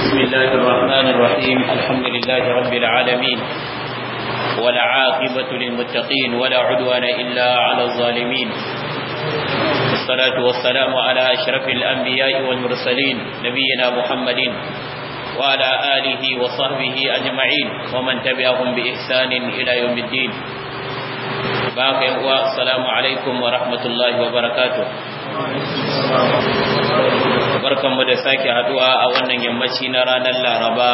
بسم الله الرحمن الرحيم الحمد لله رب العالمين ولا عاقبة للمتقين ولا عدوان إلا على الظالمين والصلاة والسلام على أشرف الأنبياء والمرسلين نبينا محمد وعلى آله وصحبه أجمعين ومن تبعهم بإحسان إلى يوم الدين باقي السلام عليكم ورحمة الله وبركاته Barkan mu da sake haduwa a wannan yammaci na ranar laraba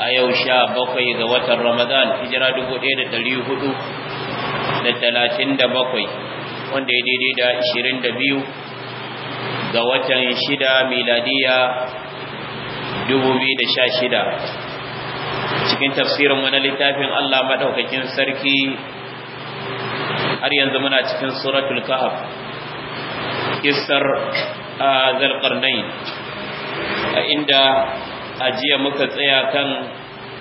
a yau sha bakwai ga watan ramadan hijira dubu ɗaya da ɗari hudu da talatin da bakwai wanda ya daidai da ashirin da biyu ga watan shida miladiya dubu biyu da sha shida cikin tafsirin wani littafin allah maɗaukakin sarki har yanzu muna cikin suratul kahf zarkar zalqarnain a inda ajiya muka tsaya kan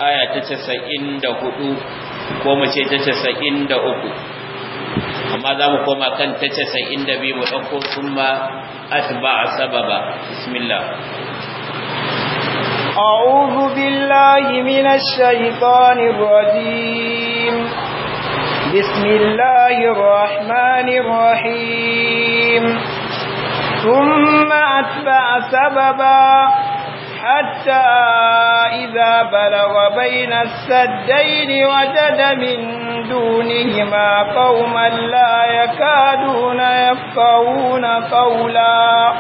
aya ta da hudu ko mu ce ta uku amma za mu koma kan ta da biyu 92 mu dauko kuma a sababa bismillah أعوذ بالله من الشيطان الرجيم بسم الله الرحمن الرحيم ثم أتبع سببا حتى إذا بلغ بين السدين وجد من دونهما قوما لا يكادون يفقهون قولا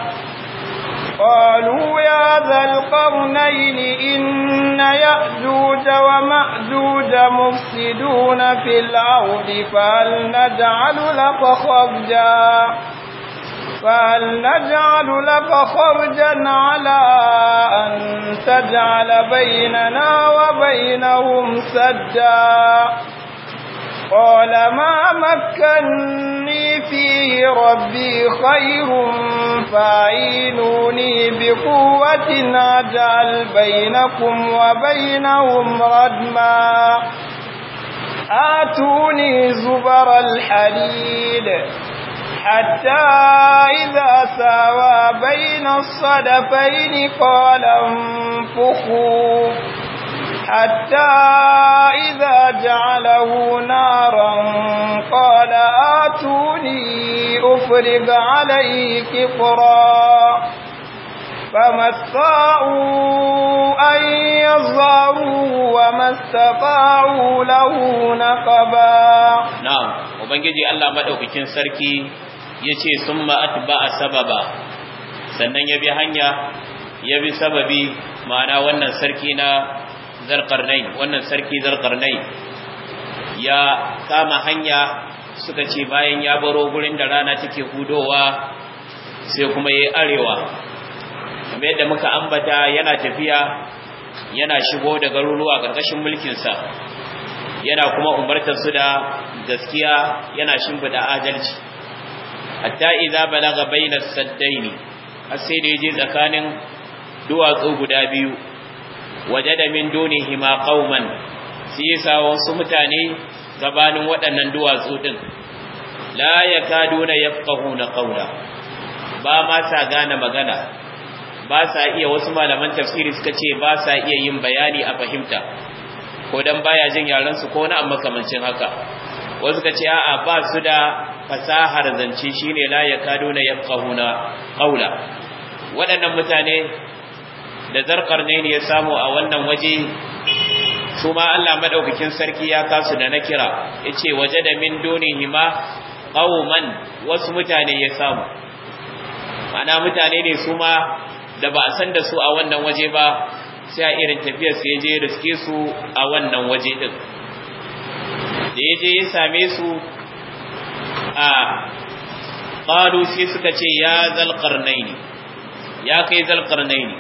قالوا يا ذا القرنين إن يأجوج ومأجوج مفسدون في الأرض فهل نجعل لك خرجا فهل نجعل لك خرجا على أن تجعل بيننا وبينهم سدا قال ما مكني فيه ربي خير فاعينوني بقوة أجعل بينكم وبينهم ردما آتوني زبر الحديد حتى إذا ساوى بين الصدفين قال انفخوا حتى إذا جعله نارا قال آتوني أفرغ عليه كفرا فما استطاعوا أن يظهروا وما استطاعوا له نقبا نعم وبنجي الله مدوكين سركي ya ce sun ba a sababa sannan ya bi hanya ya bi sababi ma'ana wannan sarki na zarkarnai wannan sarki zarkarnai ya kama hanya suka ce bayan ya baro gurin da rana take hudowa sai kuma ya arewa kamar yadda muka ambata yana tafiya yana shigo da garuruwa ƙarƙashin mulkinsa yana kuma umartar da gaskiya yana shimfida adalci hatta idza balaga bainas saddaini har sai da yaje tsakanin duwatsu guda biyu wajada min dunihima qauman sai yasa wasu mutane gabanin waɗannan duwatsu din la yakaduna yafqahuna qawla ba ma sa gane magana ba sa iya wasu malaman tafsiri suka ce ba sa iya yin bayani a fahimta ko dan baya jin yaran su ko na amma kamancin haka wasu kace a'a ba su da fasahar zance shine la yakaduna yafqahuna qawla waɗannan mutane da ne ya samu a wannan waje su ma Allah maɗaukakin sarki ya kasu da na kira yace wajada min dunihima qauman wasu mutane ya samu ana mutane ne su ma da ba a san da su a wannan waje ba sai a irin tafiyar ya je riske su a wannan waje ɗin. da ya je ya same su a qalu sai suka ce ya zalqarnaini ya kai zalqarnaini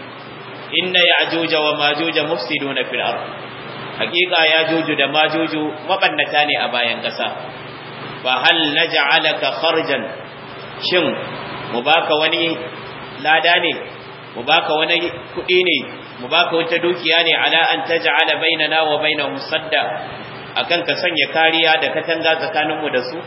inna ya'juja wa majuja mufsiduna fil ard haqiqa ya'juju da majuju mabannata ne a bayan kasa fa hal naj'alaka kharjan shin mu baka wani lada ne mu baka wani kuɗi ne mu baka wata dukiya ne ala an taj'ala bainana wa bainahum sadda akan ka sanya kariya da katanga tsakaninmu da su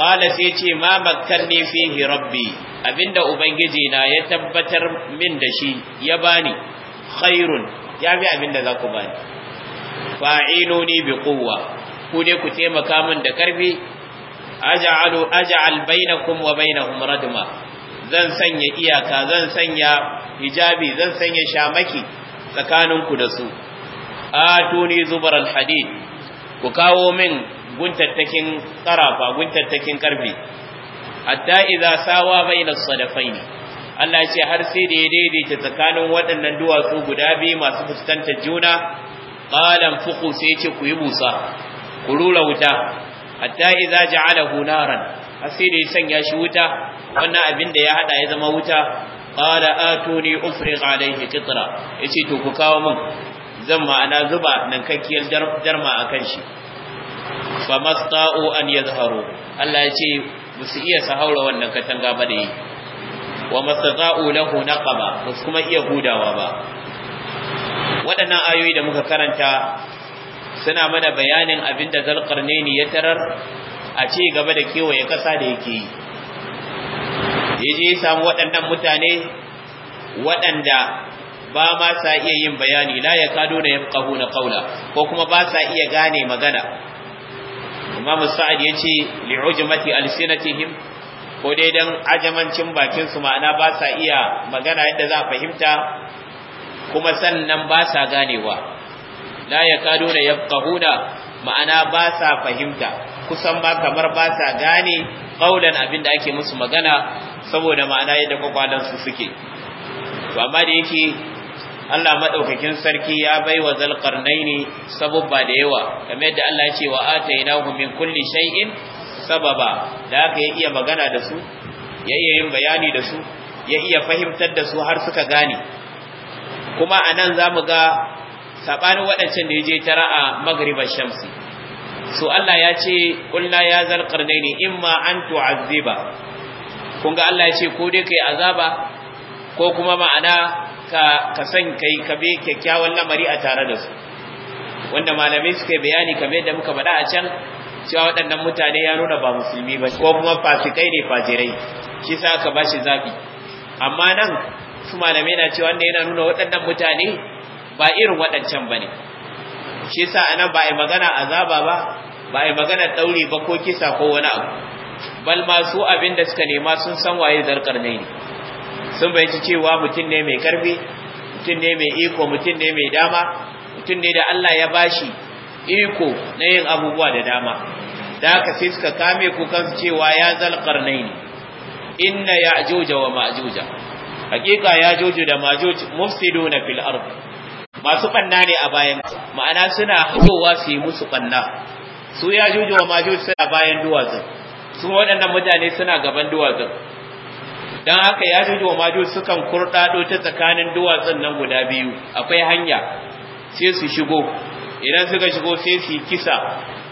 qala sai ce ma makkanni fihi rabbi abinda ubangiji na ya tabbatar min da shi ya bani khairun ya bi abinda za ku bani fa'inuni bi quwwa ku ne ku taimaka min da karfi aj'alu aj'al bainakum wa bainahum radma zan sanya iyaka zan sanya hijabi zan sanya shamaki tsakaninku da su atuni zubaral hadid ku kawo min guntattakin ƙarafa guntattakin ƙarfe hatta idza sawa baina sadafaini Allah ce har sai da ya daidaita tsakanin waɗannan duwatsu guda biyu masu fuskantar juna qalan fuqu sai ce ku yi busa ku rura wuta hatta idza ja'alahu naran har sai da ya sanya shi wuta wannan abin da ya hada ya zama wuta qala atuni ufriq alayhi qitra yace to ku kawo min zan ma'ana zuba nan kakkiyar Jarma akan shi famasta'u an yadhharu Allah ya ce musu iya sahaura wannan katanga ba da wa mastata'u lahu naqaba musu kuma iya hudawa ba waɗannan ayoyi da muka karanta suna mana bayanin abinda zalqarnaini ya tarar a ce gaba da ya kasa da yake yi yaje ya samu waɗannan mutane waɗanda ba ma sa iya yin bayani la ya kado da na qawla ko kuma ba sa iya gane magana imamu sa'ad ya ce li'ujmati alsinatihim ko dai dan ajamancin bakin su ma'ana ba sa iya magana yadda za a fahimta kuma sannan ba sa ganewa la ya kahuna ma'ana ba sa fahimta kusan ba kamar ba sa gane kaulan abin da ake musu magana saboda ma'ana yadda kwakwalansu suke to amma da yake Allah madaukakin sarki ya bai baiwa zalqarnaini sababa da yawa kamar yadda Allah ya ce wa atainahu min kulli shay'in sababa da aka iya magana da su ya iya yin bayani da su ya iya fahimtar da su har suka gane kuma anan zamu ga sabanin waɗancan da yaje tara a magribar shamsi so Allah ya ce kullu ya zalqarnaini imma an tu'azziba kun ga Allah ya ce ko dai kai azaba ko kuma ma'ana ka kasan san kai ka bi kyakkyawan lamari a tare da su wanda malamai suka bayani kamar da muka faɗa a can cewa waɗannan mutane ya nuna ba musulmi ba ko kuma fasikai ne fajirai shi sa ka bashi zafi. amma nan su malamai na cewa wanda yana nuna waɗannan mutane ba irin waɗancan ba ne. shi sa nan ba a magana azaba ba ba a magana ɗauri ba ko kisa ko wani abu bal masu abin da suka nema sun san waye zarkar ne sun bayanci cewa mutum ne mai karfi mutum ne mai iko mutum ne mai dama mutum ne da Allah ya bashi iko na yin abubuwa da dama da aka sai suka kame kukan cewa ya zalkar ne inna ya ajuja wa ma'ajuja hakika ya jojo da majuj mufsidu na fil ard masu banna ne a bayan ma'ana suna hakowa su yi musu banna su ya jojo wa majuj suna bayan duwatsu su waɗannan mutane suna gaban duwatsu don haka ya juju wa maju sukan kurɗaɗo ta tsakanin duwatsun nan guda biyu akwai hanya sai su shigo idan suka shigo sai su yi kisa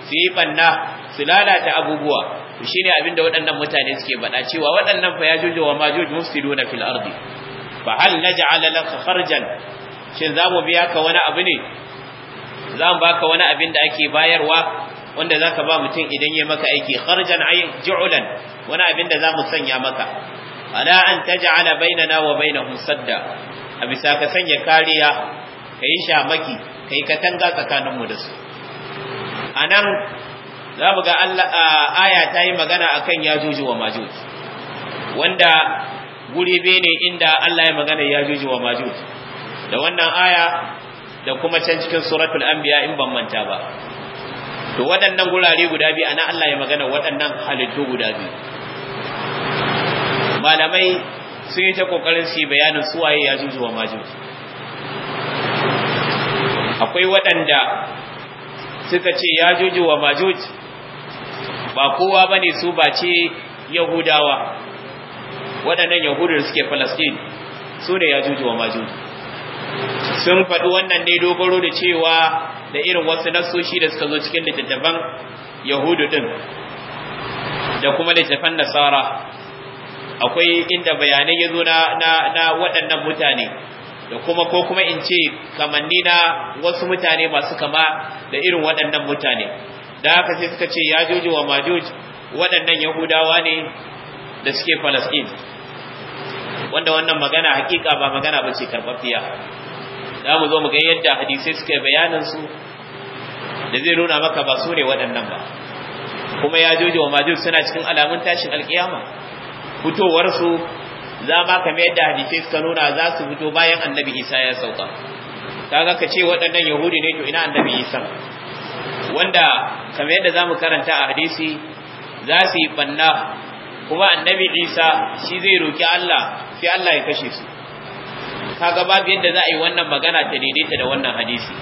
su yi ɓanna su lalata abubuwa shi ne abinda waɗannan mutane suke baɗa cewa waɗannan fa ya juju wa maju mufsiduna fil ardi fa hal naj'ala laka kharjan shin za mu biya ka wani abu ne za mu baka wani abin da ake bayarwa wanda zaka ba mutum idan ya maka aiki kharjan ay ju'lan wani abin da za mu sanya maka ala an taj'ala bainana wa bainahum da, a bisa ka sanya kariya kai shamaki kai katanga tsakanin mu da su anan za mu ga Allah aya ta yi magana akan yajuju wa majuj wanda guri be ne inda Allah ya magana yajuju wa majuj da wannan aya da kuma can cikin suratul anbiya in ban manta ba to waɗannan gurare guda biyu ana Allah ya magana waɗannan halittu guda biyu malamai sun yi ta kokarin su yi bayanin suwaye ya juju wa akwai waɗanda suka ce ya juju wa majuj ba kowa ba ne su ba ce yahudawa waɗannan yahudu da suke falastin su ne ya juju wa sun faɗi wannan ne dogaro da cewa da irin wasu nasoshi da suka zo cikin littattafan yahudu din, da kuma littattafan nasara akwai inda bayanai ya zo na na waɗannan mutane da kuma ko kuma in ce kamanni na wasu mutane masu kama da irin waɗannan mutane da haka sai suka ce ya joji wa majuj waɗannan yahudawa ne da suke falasɗin wanda wannan magana hakika ba magana ba ce karɓaɓɓiya za mu zo mu ga yadda hadisai suke yi bayanin su da zai nuna maka ba su ne waɗannan ba kuma ya joji wa majuj suna cikin alamun tashin alkiyama fitowarsu za ka kamar yadda hadisai suka nuna za su fito bayan annabi isa ya sauka kaga ka ce waɗannan yahudi ne to ina annabi isa wanda kamar yadda za mu karanta a hadisi za su yi banna kuma annabi isa shi zai roki allah sai allah ya kashe su kaga babu yadda za a yi wannan magana ta daidaita da wannan hadisi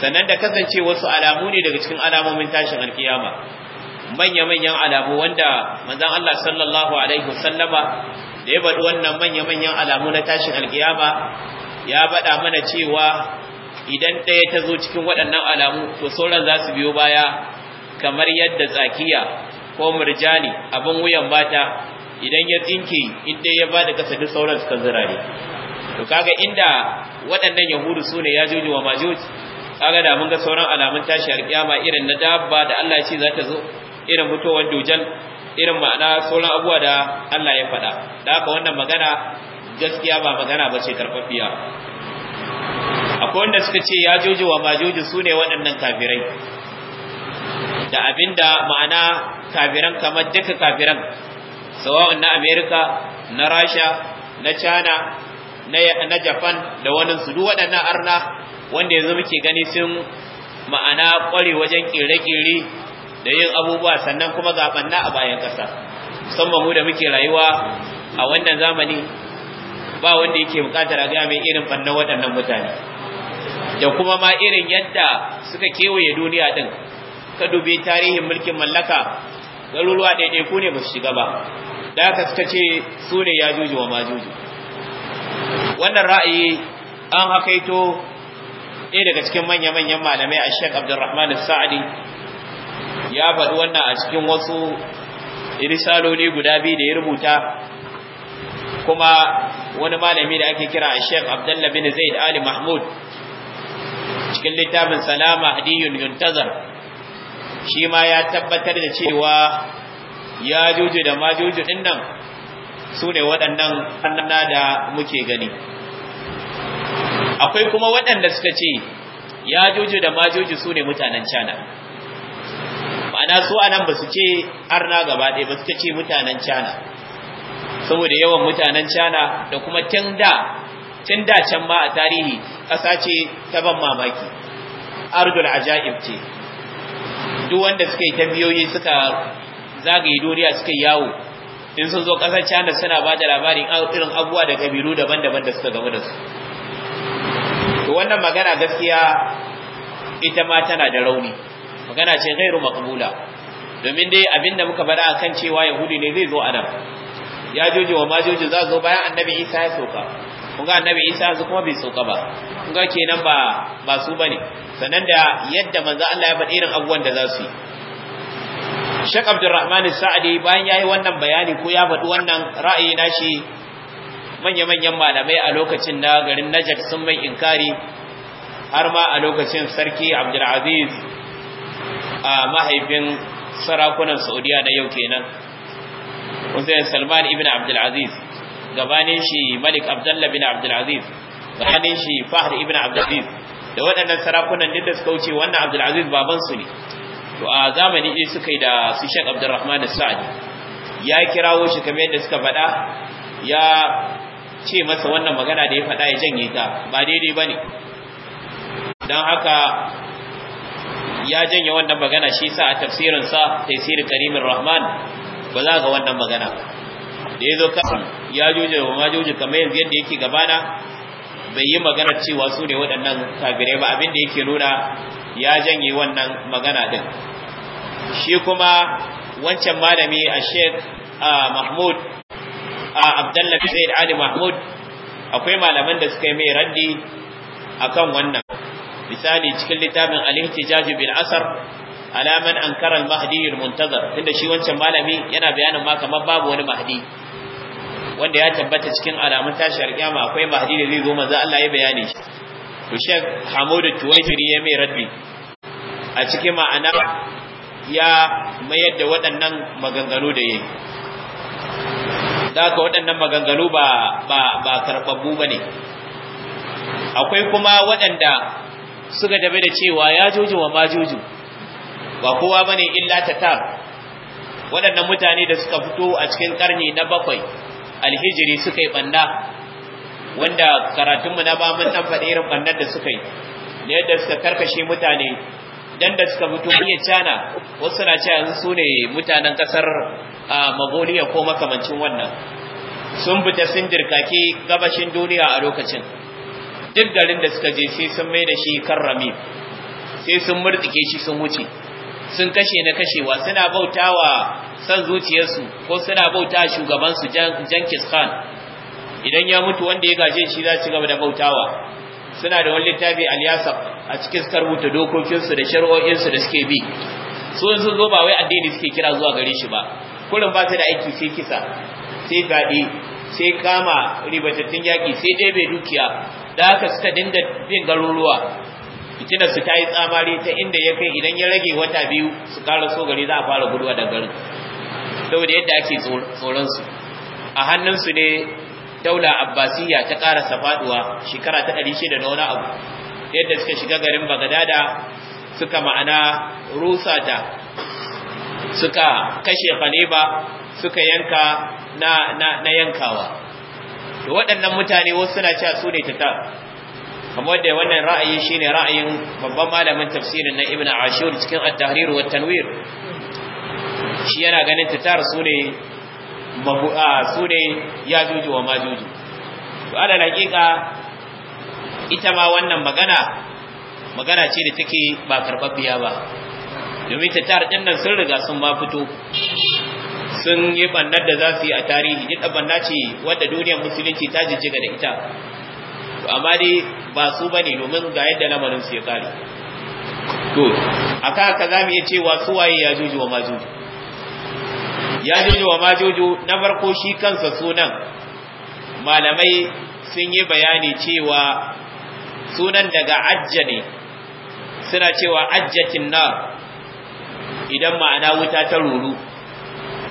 sannan da kasance wasu alamu ne daga cikin alamomin tashin alkiyama manya-manyan alamu wanda manzon Allah sallallahu alaihi wasallama da ya bada wannan manya-manyan alamu na tashin alkiyama ya bada mana cewa idan ɗaya ta zo cikin waɗannan alamu to sauran za su biyo baya kamar yadda tsakiya ko murjani abin wuyan bata idan ya tsinke inda ya bada kasa duk sauran suka zirare to kaga inda waɗannan yahudu su ne yajuju wa majuj kaga da mun ga sauran alamun tashi alƙiyama irin na dabba da Allah ya ce za ta zo irin mutuwar dujal irin ma'ana sauran abuwa da Allah ya faɗa da haka wannan magana gaskiya ba magana ba ce karfafiya akwai wanda suka ce ya joji wa majoji su ne waɗannan kafirai da abinda ma'ana kafiran kamar duka kafiran sawa'un na amerika na rasha na china na japan da wani su duk waɗannan arna wanda yanzu muke gani sun ma'ana ƙware wajen ƙere-ƙere da yin abubuwa sannan kuma ga banna a bayan kasa, musamman mu da muke rayuwa a wannan zamani ba wanda yake bukatar a ga mai irin banna waɗannan mutane da kuma ma irin yadda suka kewaye duniya din ka dubi tarihin mulkin mallaka garuruwa ɗaiɗaiku ne ba su shiga ba da aka suka ce su ne ya juji wa ma juji. wannan ra'ayi an hakaito ɗaya daga cikin manya-manyan malamai a shek abdulrahman sa'adi ya faɗi wannan a cikin wasu irisaloli guda biyu da ya rubuta kuma wani malami da ake kira a sheikh Abdullahi bin zaid ali mahmud cikin littafin salama hadiyun yuntazar shi ma ya tabbatar da cewa ya juju da majuju din nan su ne waɗannan annana da muke gani akwai kuma waɗanda suka ce ya juju da majuju su ne mutanen cana ma'ana su anan ba su ce arna gaba ɗaya ba suka ce mutanen cana saboda yawan mutanen cana da kuma tun da can ma a tarihi ƙasa ce ta ban mamaki ardul ajaib ce duk wanda suka yi tambiyoyi suka zagaye duniya suka yawo in sun zo ƙasar cana suna ba da labarin irin abubuwa da kabilu daban-daban da suka gamu da su to wannan magana gaskiya ita ma tana da rauni magana ce gairu Makabula. domin dai abinda muka bada kan cewa yahudi ne zai zo adam ya joji wa majoji za zo bayan annabi isa ya sauka kun annabi isa su kuma bai sauka ba kun ga kenan ba ba su bane sanan da yadda manzo Allah ya faɗi irin abubuwan da za su yi Sheikh Abdulrahman Sa'adi bayan yayi wannan bayani ko ya faɗi wannan ra'ayi na shi manya-manyan malamai a lokacin na garin Najd sun mai inkari har ma a lokacin sarki Abdulaziz a mahaifin sarakunan saudiya na yau kenan hussein salman ibn abdulaziz gabanin shi malik abdullah bin abdulaziz gabanin shi fahd ibn abdulaziz da waɗannan sarakunan duk da suka wuce wannan abdulaziz su ne to a zamani ne suka yi da su shek abdulrahman sa'adi ya kirawo shi kamar yadda suka faɗa ya ce masa wannan magana da ya faɗa ya janye ta ba daidai ba ne don haka ya janye wannan magana shi sa a tafsirin sa tafsirin karimin rahman ba za ga wannan magana da ya zo kan ya juje wa juje kamar yanzu yadda yake gabana bai yi magana cewa su ne waɗannan kafirai ba abin da yake nuna ya janye wannan magana din shi kuma wancan malami a sheikh mahmud a abdallah zaid ali mahmud akwai malaman da suka yi mai raddi akan wannan misali cikin littafin al-ihtijaj bil asar ala man ankara al-mahdi al-muntazar tunda shi wancan malami yana bayanin ma kamar babu wani mahdi wanda ya tabbata cikin alamun tashi kiyama akwai mahdi da zai zo manzo Allah ya bayani shi to Sheikh Hamud Tuwaitiri ya mai raddi a cikin ma'ana ya mayar da waɗannan maganganu da yayi da haka waɗannan maganganu ba ba ba bane akwai kuma waɗanda suka tafi da cewa ya juju wa ma juju ba kowa bane illa tatar waɗannan mutane da suka fito a cikin karni na bakwai alhijiri suka yi banna wanda karatunmu na ba mun faɗi irin bannan da suka yi da yadda suka karkashe mutane dan da suka fito iya cana wasu na cewa su ne mutanen kasar Mongolia ko makamancin wannan sun fita sun gabashin duniya a lokacin duk garin da suka je sai sun mai da shi karrami sai sun murtike shi sun wuce sun kashe na kashewa suna bautawa san zuciyarsu ko suna bauta shugabansu Jankis Khan idan ya mutu wanda ya gaje shi za su gaba da bautawa suna da wani littafi aliyasa a cikin suka rubuta dokokinsu da shari'o'insu da suke bi su sun zo ba wai addini suke kira zuwa gare shi ba kullum ba su da aiki sai kisa sai fadi sai kama ribatattun yaki sai ɗebe dukiya da haka suka dinga bin garuruwa fitinar su ta yi tsamari ta inda ya kai idan ya rage wata biyu su kara so gari za a fara guduwa da garin saboda yadda ake tsoronsu a hannunsu ne daula abbasiyya ta ƙarasa faduwa shekara ta ɗari shida na wani abu yadda suka shiga garin bagadada suka ma'ana rusata suka kashe faneba suka yanka na yankawa to waɗannan mutane wasu suna cewa su ne tata kamar da wannan ra'ayi shine ra'ayin babban malamin tafsirin na Ibn Ashur cikin At-Tahrir wa Tanwir shi yana ganin tata su ne mabu'a su ne juju wa majuju to ala hakika ita ma wannan magana magana ce da take ba karɓaɓɓiya ba domin titar ɗin nan sun riga sun ma fito sun yi bannar da za su yi a tarihi duk banna ce wadda duniyar musulunci ta jijjiga da ita amma dai ba su bane domin ga yadda lamarin su ya kare to aka haka za mu iya cewa su waye ya juju wa majojo? ya juju wa majojo? na farko shi kansa sunan malamai sun yi bayani cewa sunan daga ajja ne suna cewa ajjatin na idan ma'ana wuta ta ruru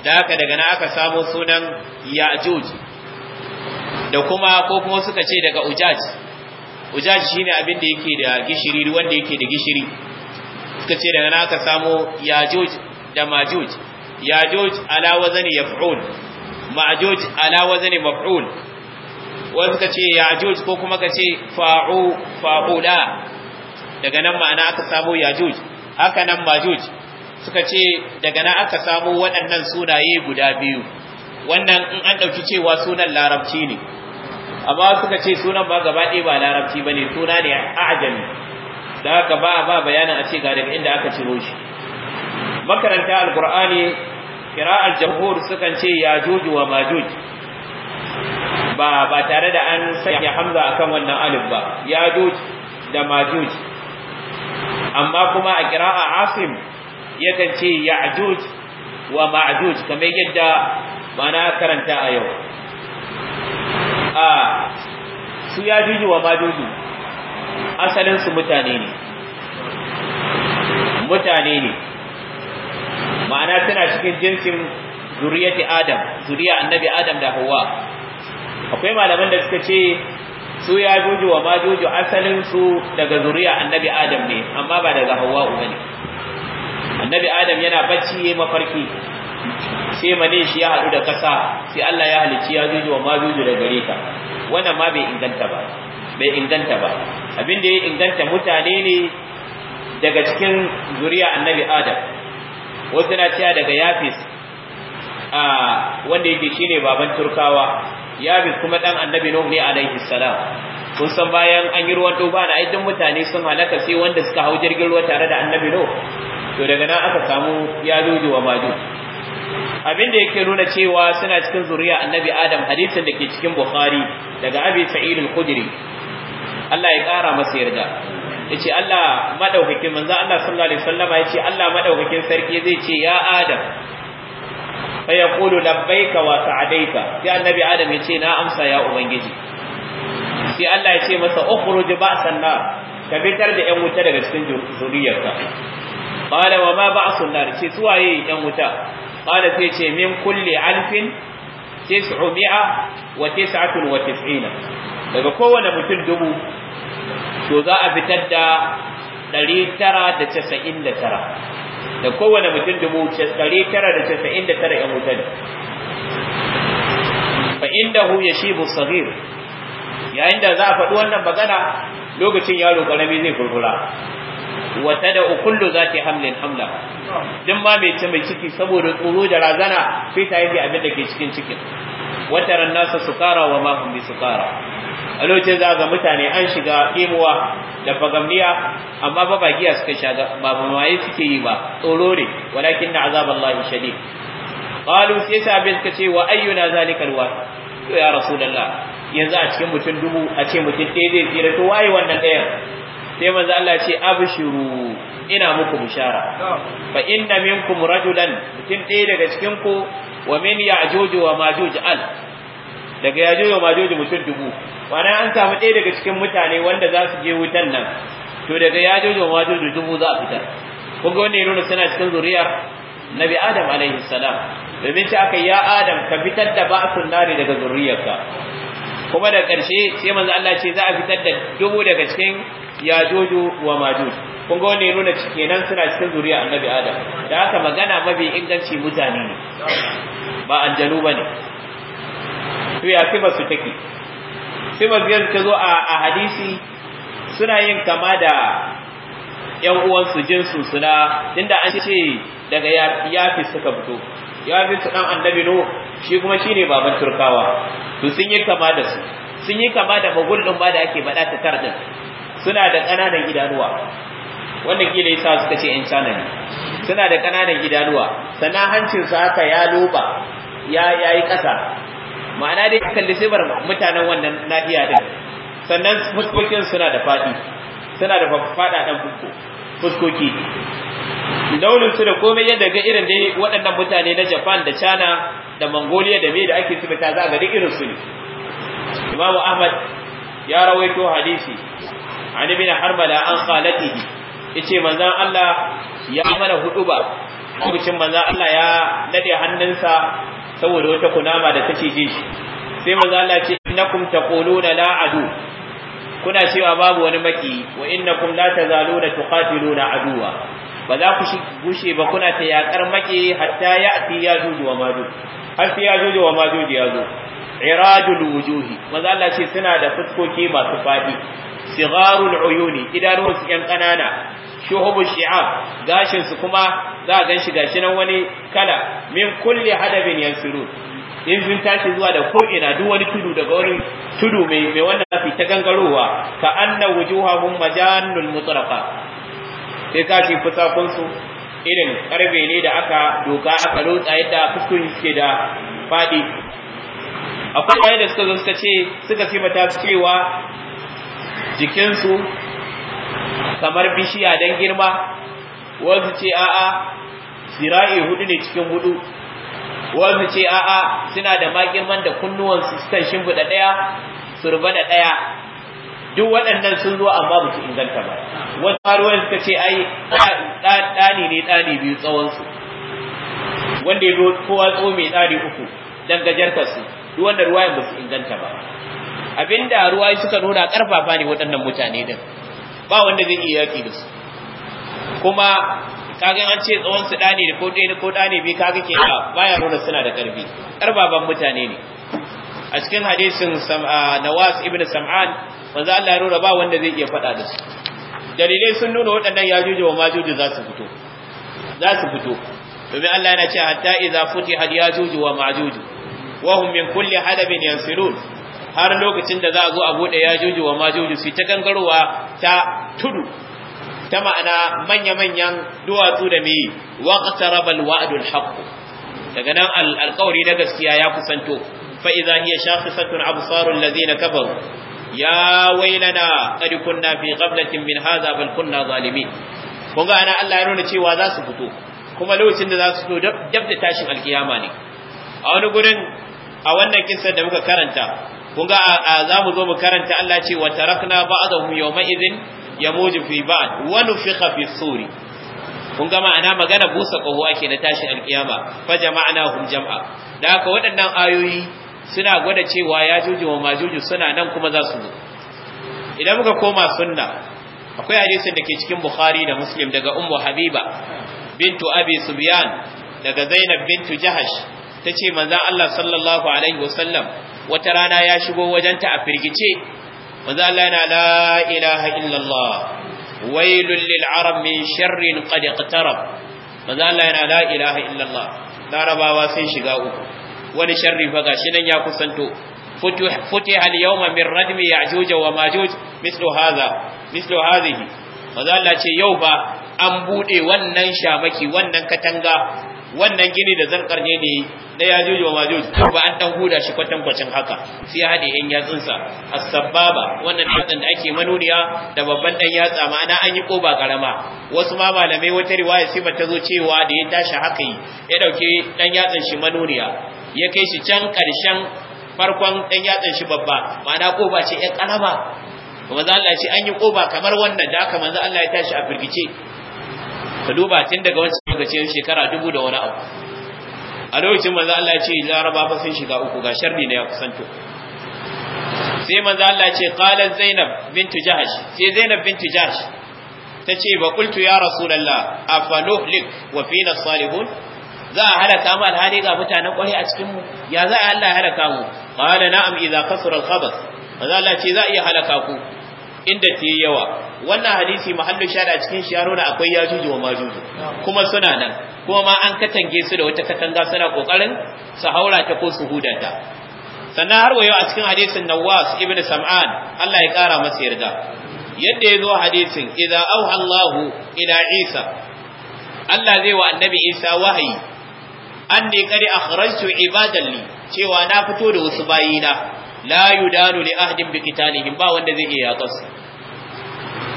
da daga na aka samo sunan ya'juj da kuma ko kuma suka ce daga ujaj ujaj shine abin da yake da gishiri wanda yake da gishiri suka ce daga na aka samo ya'juj da majuj ya'juj ala wazani yaf'ul majuj ala wazani maf'ul wanda suka ce ya'juj ko kuma ka ce fa'u fa'ula daga nan ma'ana aka samo ya'juj haka nan majuj suka ce daga na aka samu waɗannan sunaye guda biyu wannan in an ɗauki cewa sunan larabci ne amma suka ce sunan ba gaba ɗaya ba larabci ba ne suna ne ajami da haka ba a ba bayanin a ce ga daga inda aka ciro shi makaranta alkur'ani kira jamhur sukan ce ya juju wa majuj ba ba tare da an sanya hamza akan wannan alif ba ya juj da majuj amma kuma a kira a asim yakan ce ya'juj wa ma'juj kamar yadda mana karanta a yau a su ya'juj wa ma'juj asalin su mutane ne mutane ne ma'ana tana cikin jinsin zuriyati adam zuriya annabi adam da hawa akwai malaman da suka ce su ya juju wa ma juju asalin su daga zuriya annabi adam ne amma ba daga hawa bane annabi adam yana bacci yayi mafarki sai mane shi ya hadu da kasa sai Allah ya halicci ya juju wa mabudu da gare ka, wannan ma bai inganta ba bai inganta ba abin da ya inganta mutane ne daga cikin zuriya annabi adam wasu na cewa daga yafis a wanda yake shine baban turkawa yafis kuma dan annabi nuh ne alaihi salam kun san bayan an yi ruwan doba da aikin mutane sun halaka sai wanda suka hau jirgin ruwa tare da annabi nuh to daga nan aka samu ya yajuju wa majuj abin da yake nuna cewa suna cikin zuriya annabi adam hadisin da ke cikin bukhari daga abi sa'id al-khudri Allah ya kara masa yarda yace Allah madaukakin manzo Allah sallallahu alaihi wasallama yace Allah madaukakin sarki zai ce ya adam fa yaqulu labbaika wa sa'adaika sai annabi adam yace na amsa ya ubangiji sai Allah ya ce masa ukhruj ba'san nar ka fitar da yan wuta daga cikin zuriyarka qala wa ma a sunar ce suwaye yan wuta qala sai ce min kulle alfin tis'umi'a wa tis'atun wa tis'ina daga kowane mutum dubu to za a fitar da ɗari tara da casa'in da tara da kowane mutum dubu ɗari tara da casa'in da tara ‘yan wuta ne fa inda hu ya shi yayin da za a faɗi wannan magana lokacin yaro ƙarami zai furfura. wata da ukullu za ta hamlin hamla din ma mai ce mai ciki saboda tsoro da razana sai ta yi abin da ke cikin ciki wata ran nasa sukara wa ma hum bi sukara a lokacin za ga mutane an shiga kimuwa da fagamniya amma ba ba giya suka sha ba ba maye suke yi ba tsoro ne walakin na azaballahi shadid qalu sai sabin suka ce wa ayyuna zalikal wa ya rasulullah yanzu a cikin mutum dubu a ce mutum ɗaya zai tsira to waye wannan ɗayan sai manzo Allah ce abshiru ina muku bishara fa inna minkum rajulan mutum ɗaya daga cikin ku wa min ya'juj wa majuj al daga ya'juj wa majuj mutum dubu wannan an samu ɗaya daga cikin mutane wanda za su je wutan nan to daga ya'juj wa majuj dubu za a fitar kun ga wannan nuna suna cikin zuriyar Nabi Adam alaihi salam domin sai aka ya Adam ka fitar da ba'sun nari daga zuriyarka kuma da ƙarshe sai manzo Allah ce za a fitar da dubu daga cikin ya jojo wa majuj kun ga wannan nuna kenan suna cikin zuriya annabi adam da haka magana mabi inganci mutane ne ba ba bane to ya sifar su take sifar biyar ta zo a hadisi suna yin kama da yan uwansu jinsu suna inda an ce daga yafi suka fito yafi su dan annabi no shi kuma shine baban turkawa to sun yi kama da su sun yi kama da ba da ake bada ta tardin suna da ƙananan idanuwa wanda kila yasa suka ce in China ne suna da ƙananan idanuwa sannan hancin su haka ya loba ya yayi ƙasa ma'ana dai kalli bar mutanen wannan nahiya din sannan fuskokin suna da fadi suna da dan fusko fuskoki launin su da komai yadda ga irin dai waɗannan mutane na Japan da China da Mongolia da me da ake sibita za ga duk irin su ne Imam Ahmad ya rawaito hadisi an harba harmala an khalatihi yace manzon Allah ya mana huduba kucin manzon Allah ya dade hannunsa saboda wata kunama da take ji sai manzon Allah ce innakum taquluna la adu kuna cewa babu wani maki wa innakum la tazaluna tuqatiluna aduwa ba za ku gushe ba kuna ta yakar maki hatta ya ati ya juju wa maju har ya juju wa maju ya zo iradul wujuhi maza Allah ce suna da fuskoki masu fadi sigharul uyuni idanuwan su yan kanana shuhubu shi'ab gashin su kuma za a ganshi gashin nan wani kala min kulli hadabin yansuru in sun tashi zuwa da ko ina duk wani tudu daga wani tudu mai mai wannan ta gangarowa ka anna wujuhahum majanul mutrafa sai ka shi su irin karbe ne da aka doka aka lotsa yadda fuskun suke da fadi akwai wani da suka zo suka ce suka sifata cewa jikinsu kamar bishiya don girma wasu ce a'a sira'i hudu ne cikin hudu wasu ce a'a suna da magirman da kunnuwansu sukan shimfiɗa ɗaya su ruba da ɗaya duk waɗannan sun zo amma ba su inganta ba wasu haruwan suka ce ai ɗani ne ɗani biyu tsawonsu wanda ya zo kowa tso mai ɗani uku dan su duk wanda ruwayan ba su inganta ba abinda ruwa suka nuna karfafa ne waɗannan mutane din ba wanda zai iya yaki da su kuma kaga an ce tsawon su dane da ko ɗaya ko dane bi kaga ke ba baya nuna suna da karfi karfafan mutane ne a cikin hadisin Nawas ibn Sam'an manzo Allah ya nuna ba wanda zai iya faɗa da su dalilai sun nuna waɗannan yajuju wa majuju za su fito za su fito domin Allah yana cewa hatta idza futiha yajuju wa majuju wa hum min kulli hadabin yansilun har lokacin da za a zo a bude yajuju wa majuju su ta gangarowa ta tudu ta ma'ana manya-manyan duwatsu da mai waqtarabal wa'dul haqq daga nan alƙawari na gaskiya ya kusanto fa idza hiya shaqisatun absarul na kafaru ya wailana qad kunna fi qablatin min haza, bal kunna zalimin kun ga ana Allah ya nuna cewa za su fito kuma lokacin da za su fito dab da tashin alkiyama ne a wani gurin a wannan kisar da muka karanta kun ga za mu zo mu karanta Allah ce wa tarakna ba'dahum yawma idhin yamuju fi ba'd wa nufikha fi suri kun ga ma'ana magana busa kaho ake na tashi alkiyama fa jama'nahum jam'a da haka waɗannan ayoyi suna gwada cewa ya juju wa majuju suna nan kuma za su zo idan muka koma sunna akwai hadisin da ke cikin bukhari da muslim daga ummu habiba bintu abi subyan daga zainab bintu jahash tace manzon Allah sallallahu alaihi wasallam wata rana ya shigo wajenta a firgice manzo Allah yana la ilaha illallah Wai lullil arab min sharrin qad iqtarab manzo Allah yana la ilaha illallah larabawa sun shiga uku wani sharri faga shi nan ya kusanto futiha al yawma min radmi ya'juj wa majuj mislu hadha mislu hadhihi Allah ce yau ba an bude wannan shamaki wannan katanga wannan gini da zarkar ne ne na yajuj wa majuj ba an dan huda shi kwatan kwacin haka sai ya hade yan yatsunsa as-sababa wannan yatsun da ake manuniya da babban dan yatsa ma'ana an yi koba karama wasu ma malamai wata riwaya sai ta zo cewa da ya tashi haka yi ya dauke dan yatsun shi manuniya ya kai shi can karshen farkon dan yatsun shi babba ma'ana koba ce ya karama manzo Allah ya ce an yi koba kamar wannan da aka manzo Allah ya tashi a firgice ka duba tun daga wancan lokacin shekara dubu da wani abu a lokacin manzo Allah ya ce laraba fa sun shiga uku ga sharri ne ya kusanto sai manzo Allah ya ce zainab bintu jahash sai zainab bintu jahash ta ce ba qultu ya rasulullah afanuhlik wa fina salihun za a halaka mu alhali ga mutanen kwarai a cikin mu ya za a Allah halaka mu qala na'am idza kasura al-khabath manzo Allah ce za a iya halaka ku inda ta yawa wannan hadisi mahallu shada a cikin shiyaro da akwai yajuju wa majuju kuma suna nan kuma ma an katange su da wata katanga suna kokarin su haura ta ko su hudata sannan har wayo a cikin hadisin Nawas ibn Sam'an Allah ya kara masa yarda yadda ya zo hadisin idza auha Allahu ila Isa Allah zai wa annabi Isa wahayi anni qad akhrajtu ibadalli cewa na fito da wasu bayina la yudanu li ahdin bi qitalihim ba wanda zai iya yaƙa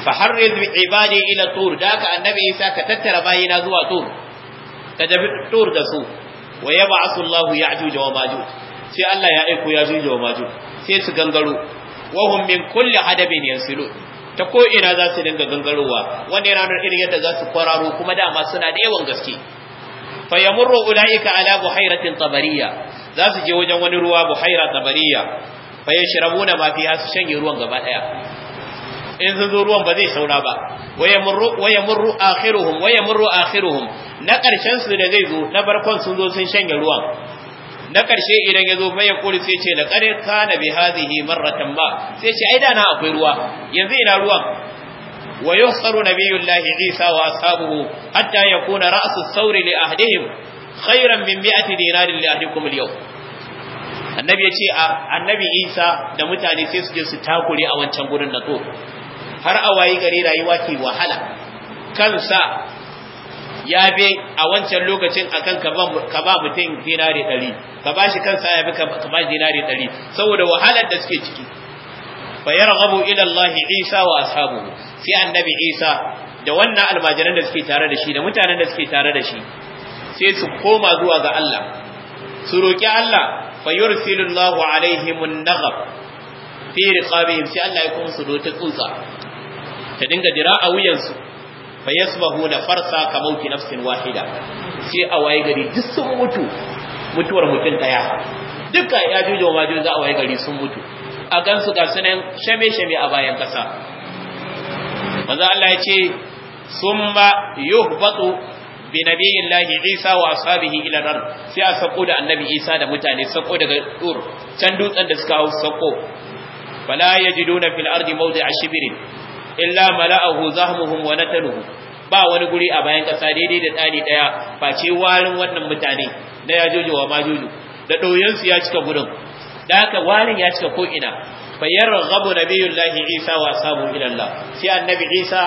fa harrid bi ibadi ila tur da ka annabi isa ka tattara bayina zuwa tur ka tafi tur da su wa yab'athu Allah ya'juj wa majuj sai Allah ya aiko ya'juj wa majuj sai su gangaro wa hum min kulli hadabin yansilun ta ko ina za su dinga gangarowa wanda yana nuna irin yadda za su kwararo kuma da masu suna da yawan gaske fa yamurru ulaika ala buhairatin tabariya za su je wajen wani ruwa buhaira tabariya fa yashrabuna ma fiha su shanye ruwan gaba ɗaya. in sun zo ruwan ba zai saura ba waya murru akhiruhum waya murru akhiruhum na karshen su da zai zo na barkon sun zo sun shanye ruwan na karshe idan ya zo ya kuli sai ce laqad kana bi hadhihi marratan ba sai ce ai da na akwai ruwa yanzu ina ruwan wa yuhsaru nabiyullahi isa wa ashabuhu hatta yakuna ra'su sauri li ahdihim khayran min mi'ati dinarin li ahdikum al-yawm annabi yace annabi isa da mutane sai su je su takure a wancan gurin na har a wayi gari rayuwa ke wahala kansa ya bi a wancan lokacin akan ka ba mutum dinari ɗari ka ba shi kansa ya bi ka ba dinari ɗari saboda wahalar da suke ciki fa rabu ila Allah Isa wa ashabuhu sai annabi Isa da wannan almajiran da suke tare da shi da mutanen da suke tare da shi sai su koma zuwa ga Allah su roƙi Allah fa yursilullahu Allahu alaihim an-naghab fi riqabihim sai Allah ya kuma su dota tsutsa ta dinga jira a wuyansu fa yasbahuna farsa ka mauki nafsin wahida sai a waye gari duk sun mutu mutuwar mutum daya duka ya juju wa majuju za a waye gari sun mutu a gansu ga sunan shame shame a bayan kasa manzo Allah ya ce summa yuhbatu bi nabiyyin lahi Isa wa ashabihi ila nar sai a sako da annabi Isa da mutane sako daga dur can dutsen da suka hau sako fala yajiduna fil ardi mawdi'a shibrin illa mala'ahu zahmuhum wa nuhu. ba wani guri a bayan kasa daidai da tsari daya face warin wannan mutane da ya jojo wa majojo da doyansu ya cika gurin da haka warin ya cika ko ina fayarghabu nabiyullahi isa wa ashabu ila Allah sai annabi isa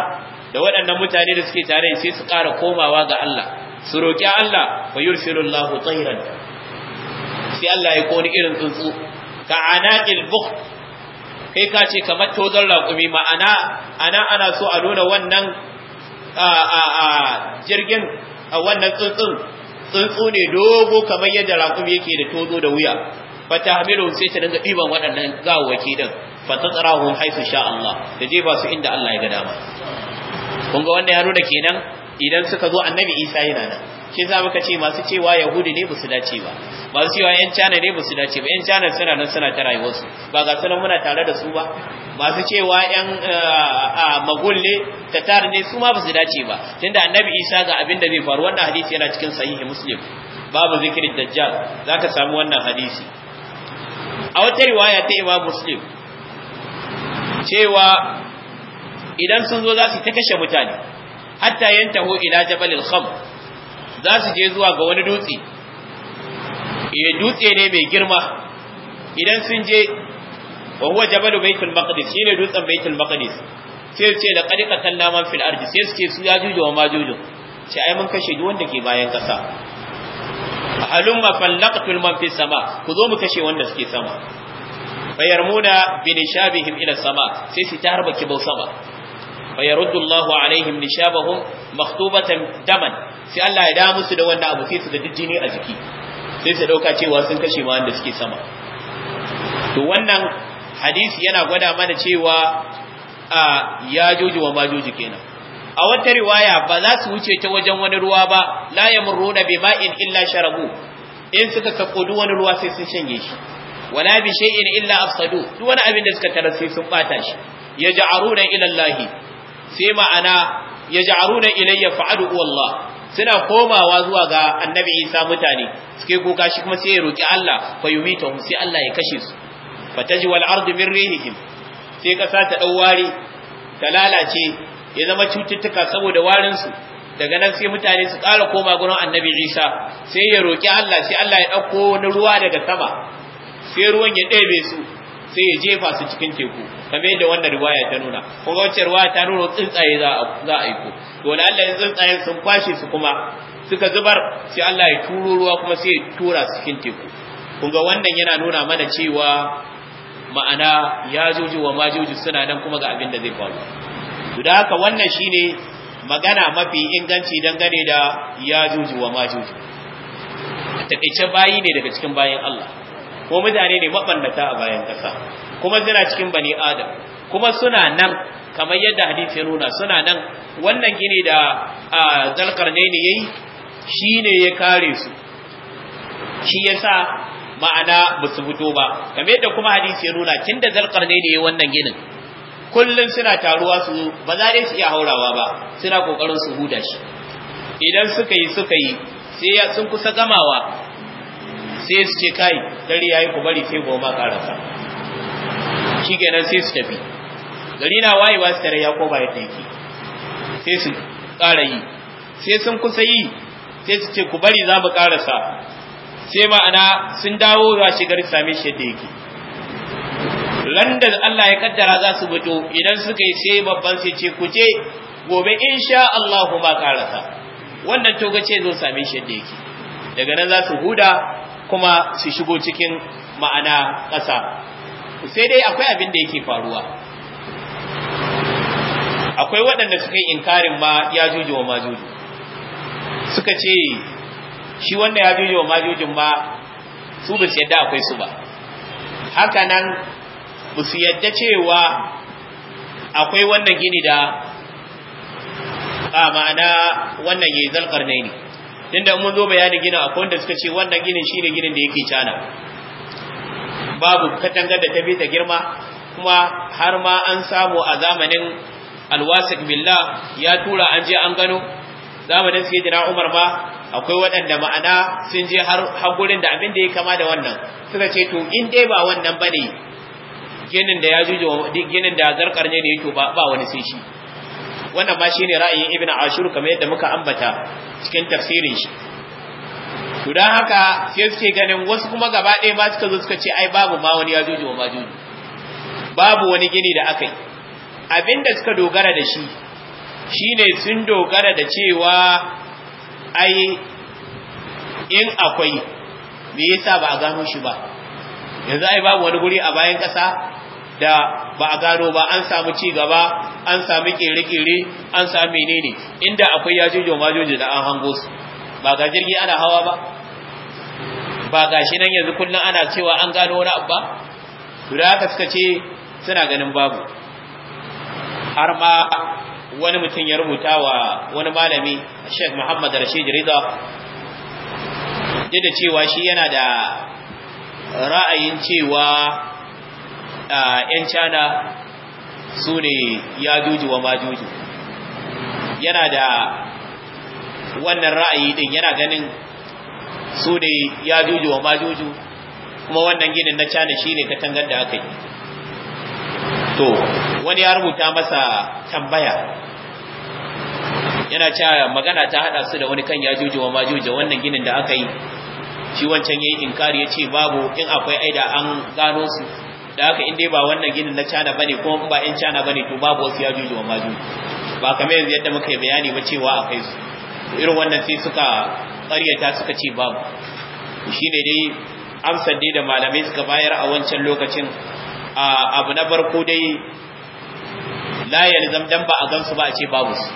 da waɗannan mutane da suke tare sai su ƙara komawa ga Allah su roki Allah fa yursilullahu tayran sai Allah ya koni irin tsuntsu ka anaqil bukh kai ka ce kamar tozon raƙumi ma'ana ana ana so a nuna wannan jirgin a wannan tsuntsun tsuntsu ne dogo kamar yadda raƙumi yake da tozo da wuya ta hamilu sai ta dinga ɗiban waɗannan gawawaki din tsara tsarahun haifu sha Allah da je ba su inda Allah ya ga dama kun ga wanda ya nuna kenan idan suka zo annabi Isa yana nan shi za muka ce masu cewa yahudi ne ba su dace ba masu cewa yan cana ne ba su dace ba yan cana suna nan suna ta rayuwarsu ba ga sunan muna tare da su ba masu cewa yan ah, ah, magulle tare ne su ma ba su dace ba tunda annabi isa ga abin da bai faru wannan hadisi yana cikin sahihi muslim babu zikirin dajjal zaka samu wannan hadisi a wata riwaya ta imam muslim cewa idan sun zo za su ta kashe mutane hatta yantahu ila jabalil kham za su je zuwa ga wani dutse eh, dutse ne mai girma idan sun je wa huwa jabalu baitul maqdis shine dutsen baitul maqdis sai ce da qadika tallama fil ardi sai suke su ya juju wa majuju ce ai mun kashe duk wanda ke bayan kasa ma fallaqtul man fis sama ku zo mu kashe wanda suke sama fayarmuna bi nishabihim ila sama sai su tarba kibau sama fayaruddu Allahu alaihim nishabahum maktubatan daman sai Allah ya da musu da wannan abu sai su ga duk jini a jiki sai su dauka cewa sun kashe ma wanda suke sama to wannan hadisi yana gwada mana cewa a yajoji wa majoji kenan a wata riwaya ba za su wuce ta wajen wani ruwa ba la bi ma'in illa sharabu in suka duk wani ruwa sai sun shanye shi wala bi shay'in illa afsadu duk wani abin da suka tarar sai sun bata shi yaj'aruna ila Allah sai ma'ana yaj'aruna ilayya fa'adu wallah suna komawa zuwa ga annabi isa mutane suke kuka shi kuma sai ya roki Allah fa yumita sai Allah ya kashe su fataji wal ard min rihihim sai kasa ta dau wari ta lalace ya zama cututtuka saboda warin su daga nan sai mutane su ƙara koma gurin annabi isa sai ya roki Allah sai Allah ya dauko na ruwa daga sama sai ruwan ya ɗebe su sai ya jefa su cikin teku kamar da wannan riwaya ta nuna kuma wacce riwaya ta nuna tsuntsaye za a za a aiko to wani Allah ya tsuntsayen sun kwashe su kuma suka zubar sai Allah ya turo ruwa kuma sai ya tura su cikin teku kun wannan yana nuna mana cewa ma'ana ya wa ma suna nan kuma ga abin da zai faru to da haka wannan shine magana mafi inganci dangane da ya wa ma a bayi ne daga cikin bayin Allah ko mutane ne mabannata a bayan kasa, kuma suna cikin bani adam kuma suna nan kamar yadda hadisi ya nuna suna nan wannan gini da zalkarne ne yayi shi ya kare su shi yasa ma'ana ba su fito ba kamar yadda kuma hadisi ya nuna da zalkarne ne wannan ginin kullum suna taruwa su ba za su iya haurawa ba suna kokarin su huda shi idan suka yi suka yi sai sun kusa gamawa sai su ce kai dare yayi ku bari sai goma karasa shi kenan sai su tafi gari na ba su tare ya koma yadda yake sai su ƙara yi sai sun kusa yi sai su ce ku bari za mu karasa sai ma'ana sun dawo za shi gari same shi yadda yake Landa Allah ya kaddara za su fito idan suka yi sai babban sai ce ku je gobe insha Allah ma karasa wannan to ga ce zo same shi yadda yake daga nan za su huda kuma su shigo cikin ma'ana ƙasa sai dai akwai abin da yake faruwa akwai waɗanda suka yi inkarin ma ya juju wa majuju suka ce shi wannan ya juju wa majujin ma su ba su yadda akwai su ba haka nan ba su yadda cewa akwai wannan gini da a ma'ana wannan ya yi zalƙar ne tunda mun zo bayani ginin akwai wanda suka ce wannan ginin ne ginin da yake cana babu katangar da ta bi ta girma kuma har ma an samu a zamanin alwasik billah ya tura an je an gano zamanin jira Umar ma akwai waɗanda ma'ana sun je har da abin da ya kama da wannan suka ce to in dai ba wannan bane ginin da ya jujo ginin da zarkar ne da yake ba ba wani sai shi wannan ma shine ra'ayin ibn ashur kamar yadda muka ambata cikin tafsirin shi to dan haka sai suke ganin wasu kuma gaba ɗaya ma suka zo suka ce ai babu ma wani yajuju wa majuju babu wani gini da aka yi abinda suka dogara da shi shine sun dogara da cewa ai in akwai me yasa ba a gano shi ba yanzu ai babu wani guri a bayan ƙasa da ba a gano ba an samu ci gaba an sami kere-kere an samu menene inda akwai yajojo majojo da an hango su ba ga jirgi ana hawa ba ba ga shi nan yanzu kullum ana cewa an gano wani abu ba to da aka suka ce suna ganin babu har ma wani mutum ya rubuta wa wani malami Sheikh Muhammad Rashid Rida da cewa shi yana da ra'ayin cewa 'yan cana su ne ya juju wa majuju yana da wannan ra'ayi din yana ganin su ne ya juju wa juju, kuma wannan ginin na cana shi ne katangar da aka yi to wani ya rubuta masa tambaya yana cewa magana ta hada su da wani kan ya juji wa majuju wannan ginin da aka yi shi wancan yayi inkari ce babu in akwai aida an gano su da haka in dai ba wannan ginin na China bane kuma ba in China bane to babu wasu yajuju wa majuju ba kamar yanzu yadda muka yi bayani ba cewa akai su irin wannan sai suka ƙaryata suka ce babu ne dai amsar dai da malamai suka bayar a wancan lokacin abu na barko dai la zam dan ba a gansu ba a ce babu su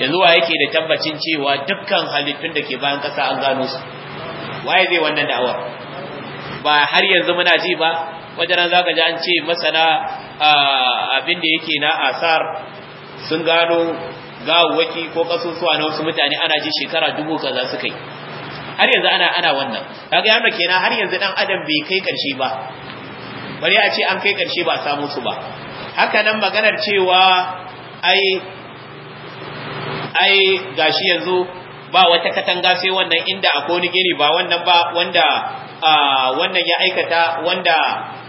yanzu wa yake da tabbacin cewa dukkan halittun da ke bayan kasa an gano su waye zai wannan da'awar ba har yanzu muna ji ba wajen za ka ji an ce masana abin da yake na asar sun gano gawawaki ko kasusuwa na wasu mutane ana ji shekara dubu kaza suka yi har yanzu ana ana wannan kaga yana kenan har yanzu dan adam bai kai karshe ba bari a ce an kai karshe ba a samu su ba haka nan maganar cewa ai ai gashi yanzu ba wata katanga sai wannan inda akwai wani gini ba wannan ba wanda wannan ya aikata wanda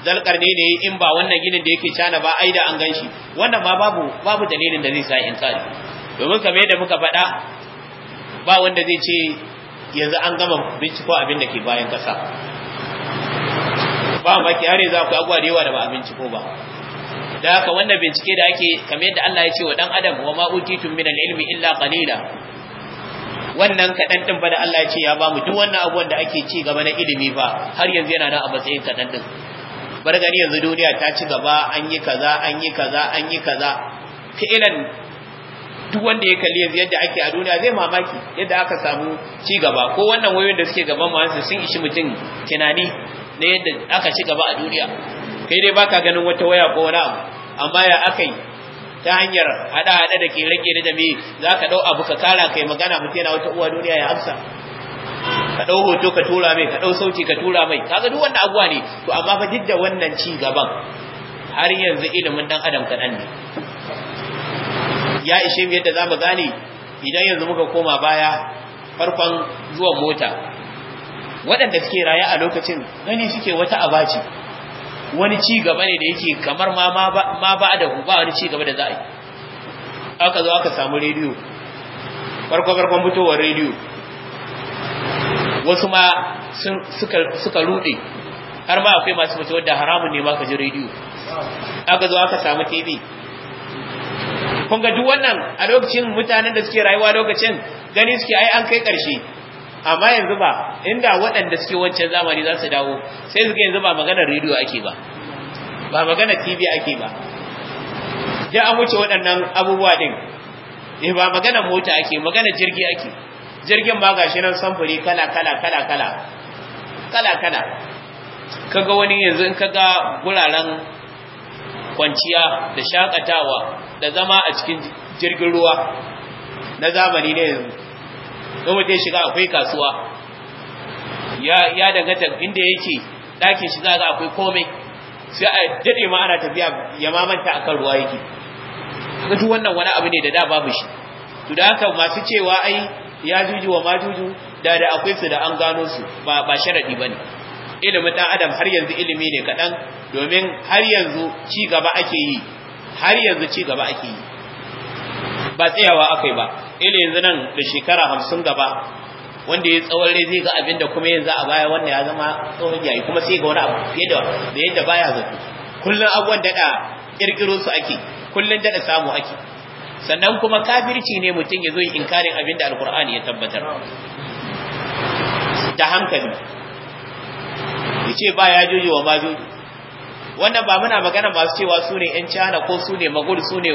zalkar ne ne in ba wannan ginin da yake cana ba ai da an ganshi wannan ma babu babu dalilin da zai sa in tsari domin kamar yadda muka faɗa ba wanda zai ce yanzu an gama binciko abin da ke bayan kasa ba ma ki har za ku abuwa da yawa da ba a binciko ba da haka wannan bincike da ake kamar yadda Allah ya ce wa dan adam wa ma utitum min al-ilmi illa qalila wannan kaɗan ɗin ba da Allah ya ce ya bamu duk wannan abubuwan da ake ci gaba na ilimi ba har yanzu yana nan a matsayin kaɗan ɗin bar gani yanzu duniya ta ci gaba an yi kaza an yi kaza an yi kaza fi'ilan duk wanda ya kalli yanzu yadda ake a duniya zai mamaki yadda aka samu ci gaba ko wannan wayoyin da suke gaban masu sun ishi mutum tunani na yadda aka ci gaba a duniya kai dai baka ganin wata waya ko wani abu amma ya akai ta hanyar hada-hada da ke rage da me za ka ɗau abu ka kara kai magana mutum yana wata uwa duniya ya amsa ka ɗau hoto ka tura mai ka ɗau sauti ka tura mai kaga duk wannan abuwa ne to amma fa duk wannan ci gaban har yanzu ilimin dan adam kaɗan ne ya ishe mu yadda za mu gane idan yanzu muka koma baya farkon zuwan mota waɗanda suke raye a lokacin gani suke wata abaci wani ci gaba ne da yake kamar ma ma ba da ba wani ci gaba da za a yi aka zo aka samu rediyo farko farkon fitowar rediyo wasu ma suka rude har ma akwai masu mutuwar da haramun ne ma ka ji rediyo aka zo aka samu tv kun ga duk wannan a lokacin mutanen da suke rayuwa lokacin gani suke ai an kai karshe amma yanzu ba inda waɗanda suke wancan zamani za su dawo sai suke yanzu ba maganar rediyo ake ba ba maganar tv ake ba ya an wuce waɗannan abubuwa ɗin eh ba maganar mota ake maganar jirgi ake jirgin ba gashi nan samfuri kala kala kala kala kala kala kaga wani yanzu in kaga guraren kwanciya da shakatawa da zama a cikin jirgin ruwa na zamani ne yanzu in mutum ya shiga akwai kasuwa ya danganta inda yake ɗakin shiga ga akwai komai sai a daɗe ma ana tafiya ya mamanta akan ruwa yake ga duk wannan wani abu ne da da babu shi to da haka masu cewa ai ya juju wa majuju da da akwai su da an gano su ba ba sharadi bane ilimin dan adam har yanzu ilimi ne kadan domin har yanzu ci gaba ake yi har yanzu ci gaba ake yi ba tsayawa akai ba Ili yanzu nan da shekara hamsin gaba wanda ya tsawon rai zai ga abin da kuma yanzu a baya wanda ya zama tsohon yayi kuma sai ga wani abu fiye da da yadda baya zato kullum abubuwan daɗa ƙirƙiro su ake kullum daɗa samu ake sannan kuma kafirci ne mutum ya zo yi inkarin abin da alkur'ani ya tabbatar da hankali ya ce ba ya juju wa ba wannan ba muna magana masu cewa su ne 'yan cana ko su ne Magul su ne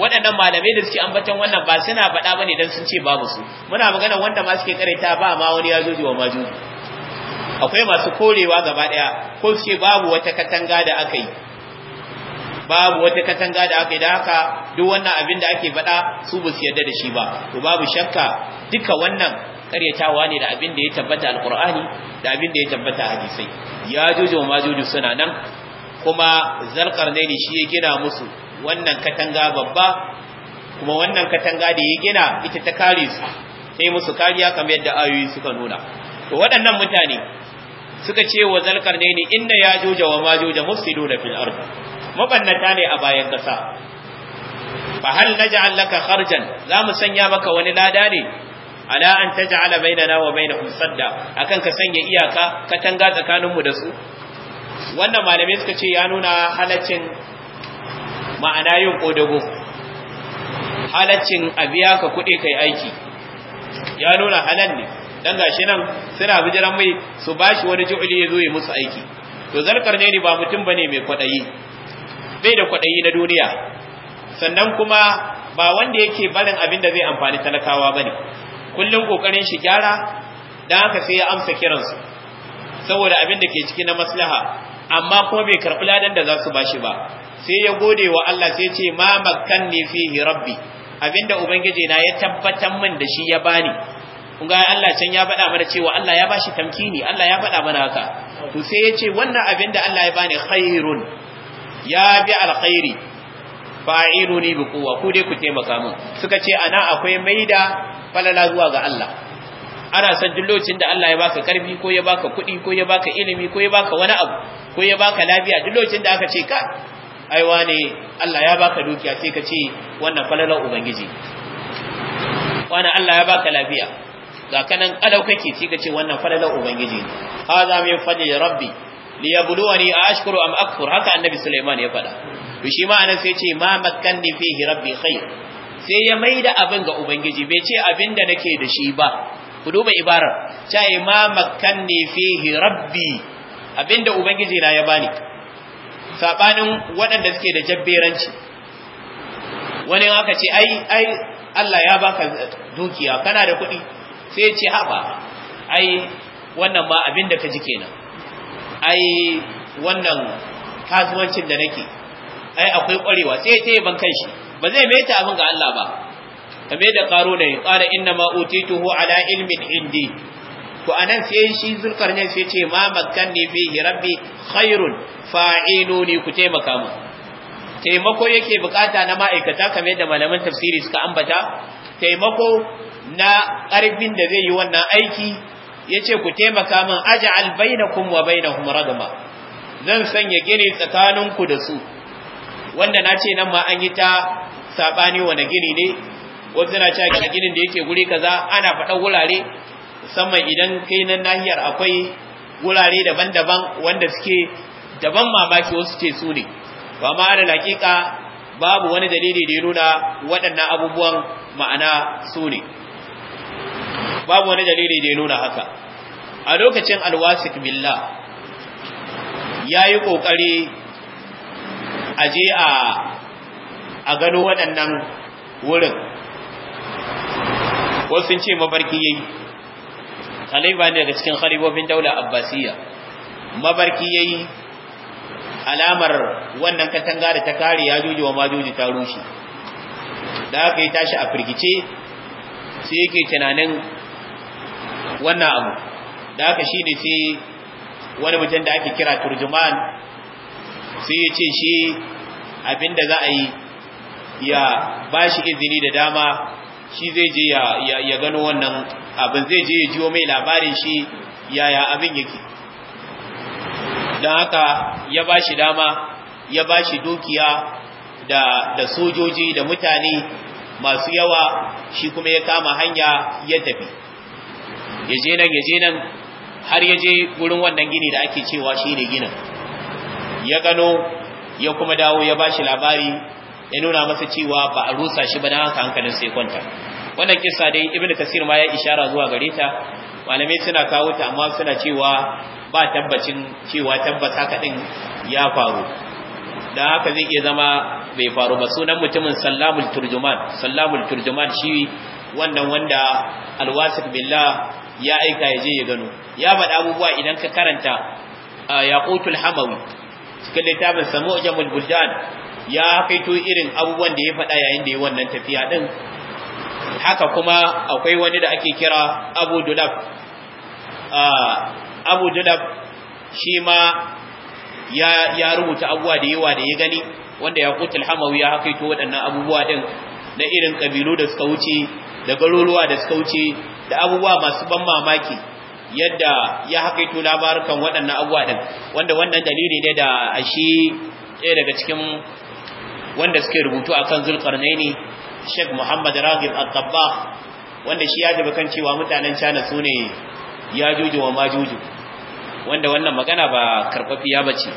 waɗannan malamai da suke ambaton wannan ba suna faɗa bane dan sun ce babu su muna magana wanda ma suke karanta ba ma wani ya joji wa majuji akwai masu korewa gaba ɗaya ko su ce babu wata katanga da aka yi babu wata katanga da aka yi da haka duk wannan abin da ake faɗa su ba su yarda da shi ba to babu shakka duka wannan karyatawa ne da abin da ya tabbata alkur'ani da abin da ya tabbata hadisai ya jojo ma jojo suna nan kuma zarkar ne shi ya gina musu wannan katanga babba kuma wannan katanga da ya gina ita ta kare su sai musu kariya kamar yadda ayoyi suka nuna to waɗannan mutane suka ce wa ne ne inda ya yajuja wa majuja mufsiduna fil ard mabannata ne a bayan kasa fa hal naj'al laka kharjan za mu sanya maka wani lada ne ala an taj'ala bainana wa bainahum sadda akan ka sanya iyaka katanga tsakaninmu da su wannan malamai suka ce ya nuna halaccin ma'ana yin kodago halaccin a biya ka kuɗi kai aiki ya nuna halal ne dan gashi nan suna bijiran mai su bashi wani ju'uli ya zo ya musu aiki to zarkar ne ni ba mutum bane mai kwaɗayi bai da kwaɗayi na duniya sannan kuma ba wanda yake barin abin da zai amfani talakawa ba ne. kullum kokarin shi gyara dan haka sai ya amsa kiransu saboda abin da ke ciki na maslaha amma kuma bai karɓi ladan da za su ba shi ba sai ya gode wa Allah sai ce ma makkanni fihi rabbi abinda ubangiji na ya tabbatar min da shi ya bani kun ga Allah can ya faɗa mana cewa Allah ya bashi tamkini Allah ya faɗa mana haka to sai ya ce wannan abinda Allah ya bani khairun ya bi alkhairi fa'iluni bi quwwa ku dai ku taimaka min suka ce ana akwai maida falala zuwa ga Allah ana san duk lokacin da Allah ya baka karfi ko ya baka kuɗi ko ya baka ilimi ko ya baka wani abu ko ya baka lafiya duk lokacin da aka ce ka ai wane Allah ya baka dukiya sai ka ce wannan falalar ubangiji wani Allah ya baka lafiya ga kanan kalau kake sai ka ce wannan falalar ubangiji hadha min fadli rabbi yabluwani a ashkuru am akfur haka annabi Sulaiman ya faɗa to shi ma anan sai ce ma makkanni fihi rabbi khair sai ya maida abin ga ubangiji bai ce abin da nake da shi ba ku duba ibarar cha ma ne fihi rabbi abinda ubangiji na ya bani Saɓanin waɗanda suke da jabberanci wani aka ce ai ai Allah ya baka dukiya kana da kuɗi sai ya ce haba ai wannan ma abinda ka ji kenan ai wannan kasuwancin da nake ai akwai ƙwarewa sai ya ce ban kanshi ba zai mai ta abin ga Allah ba game da da ya kara inna ma utituhu ala ilmin indi ko anan sai shi zulkarnain sai ce ma makkanni fihi rabbi khairun fa'inuni ku taimaka mu taimako yake bukata na ma'aikata kame da malaman tafsiri suka ambata taimako na karfin da zai yi wannan aiki yace ku taimaka min aj'al bainakum wa bainahum ragama zan sanya gini tsakaninku da su wanda na ce nan ma an yi ta sabani wani gini ne wasu na cewa ginin da yake guri kaza ana faɗan wurare musamman idan kai nan nahiyar akwai wurare daban-daban wanda suke daban mamaki wasu ce su ne ba ma da hakika babu wani dalili da ya nuna waɗannan abubuwan ma'ana su ne babu wani dalili da ya nuna haka a lokacin alwasik billah ya yi ƙoƙari a je a gano waɗannan wurin wasu sun ce mafarki yayi ne daga cikin khalifofin daular abbasiyya ya yayi alamar wannan katanga da ta kare ya juji wa majuji ta rushe da aka yi tashi a firgice sai yake tunanin wannan abu da aka shi ne sai wani mutum da ake kira turjuman sai ya ce shi abinda za a yi ya ba shi izini da dama shi zai je ya gano wannan abin zai je ya jiwo mai labarin shi yaya abin yake don haka ya ba shi dama ya ba shi dukiya da sojoji da mutane masu yawa shi kuma ya kama hanya ya tafi ya je nan ya je nan har ya je wurin wannan gini da ake cewa shi ne ginin ya gano ya kuma dawo ya ba shi labari ya nuna masa cewa ba a rusa shi ba dan haka hankalin sai kwanta wannan kisa dai ibnu kasir ma ya ishara zuwa gare ta malamai suna kawo ta amma suna cewa ba tabbacin cewa tabbas haka din ya faru Da haka zai iya zama bai faru ba sunan mutumin sallamul turjuman sallamul turjuman shi wannan wanda alwasif billah ya aika ya je ya gano ya faɗa abubuwa idan ka karanta yaqutul hamawi cikin littafin samu'jamul buldan ya fito irin abubuwan da ya faɗa yayin da ya wannan tafiya din haka kuma akwai wani da ake kira Abu Dulab Abu Dulab shi ma ya rubuta abubuwa da yawa da ya gani wanda ya kutul hamawi ya hakaito waɗannan abubuwa din na irin kabilu da suka wuce da garuruwa da suka wuce da abubuwa masu ban mamaki yadda ya hakaito labarukan waɗannan abubuwa ɗin. wanda wannan dalili ne da shi ɗaya daga cikin wanda suke rubutu a akan ne Sheikh Muhammad ragib Al-Qabbah wanda shi ya tabbata kan cewa mutanen China su ne juju wa majuju wanda wannan magana ba karfafiya bace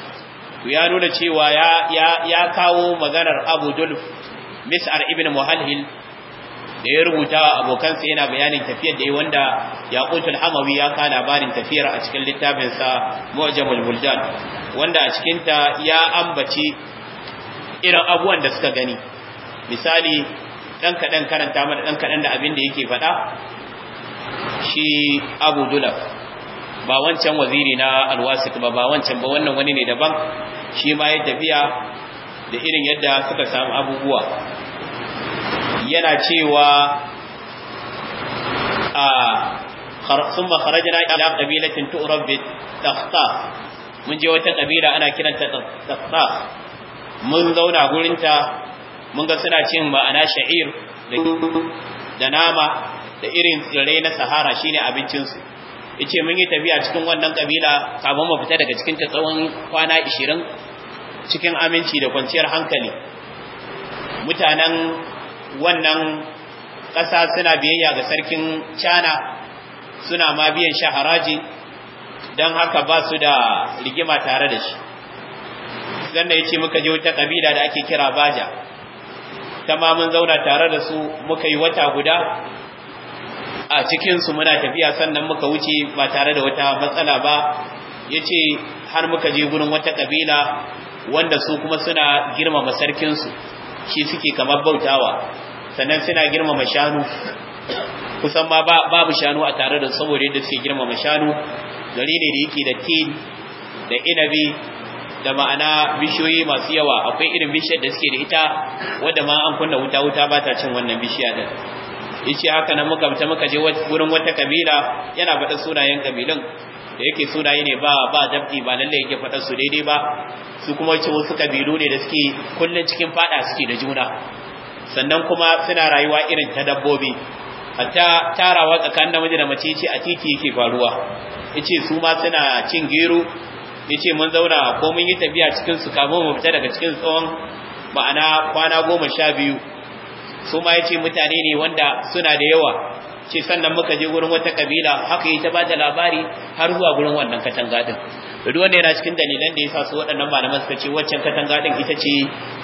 to ya nuna cewa ya ya kawo maganar Abu Dulf Mis'ar ibn Muhalhil da ya rubuta wa abokansa yana bayanin tafiyar da ya wanda al Hamawi ya ka labarin tafiyar a cikin littafinsa Mu'jamul Buldan wanda a cikin ta ya ambaci irin abubuwan da suka gani misali dan kaɗan karanta mana dan kaɗan da abin da yake faɗa shi abu dulaf ba wancan waziri na alwasit ba ba wancan ba wannan wani ne daban shi ma ya tafiya da irin yadda suka samu abubuwa yana cewa a na ila إلى قبيلة تؤرب بالتخطاخ mun je wata kabila ana kiranta tsatsas mun zauna gurinta mun ga suna cin ma'ana sha'ir da nama da irin tsirrai na sahara shine abincinsu yace mun yi tafiya cikin wannan kabila kafin mu fita daga cikin tsawon kwana 20 cikin aminci da kwanciyar hankali mutanen wannan ƙasa suna biyayya ga sarkin cana suna ma biyan shaharaji don haka ba su da rigima tare da shi zanna ya ce muka je wata kabila da ake kira baja ta ma mun zauna tare da su muka yi wata guda a cikinsu muna tafiya sannan muka wuce ba tare da wata matsala ba ya ce har muka je wurin wata kabila wanda su kuma suna girmama sarkinsu shi suke kamar bautawa sannan suna girmama shanu kusan ma babu shanu a tare da saboda yadda suke girmama shanu gari ne da yake da tin da inabi da ma'ana bishiyoyi masu yawa akwai irin bishiyar da suke da ita wadda ma an kunna wuta wuta ba ta cin wannan bishiya din yace haka nan muka fita muka je wurin wata kabila yana faɗa sunayen kabilun da yake sunaye ne ba ba dab'i ba lalle yake fada su daidai ba su kuma ce wasu kabilu ne da suke kullun cikin fada suke da juna sannan kuma suna rayuwa irin ta dabbobi hatta tarawa tsakanin namiji da mace ce a titi yake faruwa yace su ma suna cin gero Ya ce mun zauna ko mun yi tafiya cikin su kafin mu fita daga cikin tsawon ma'ana kwana goma sha biyu su ma ya ce mutane ne wanda suna da yawa ce sannan muka je wurin wata kabila haka yi ta ba da labari har zuwa wurin wannan katanga din duk yana cikin dalilan da ya sa su waɗannan malaman suka ce waccan katanga din ita ce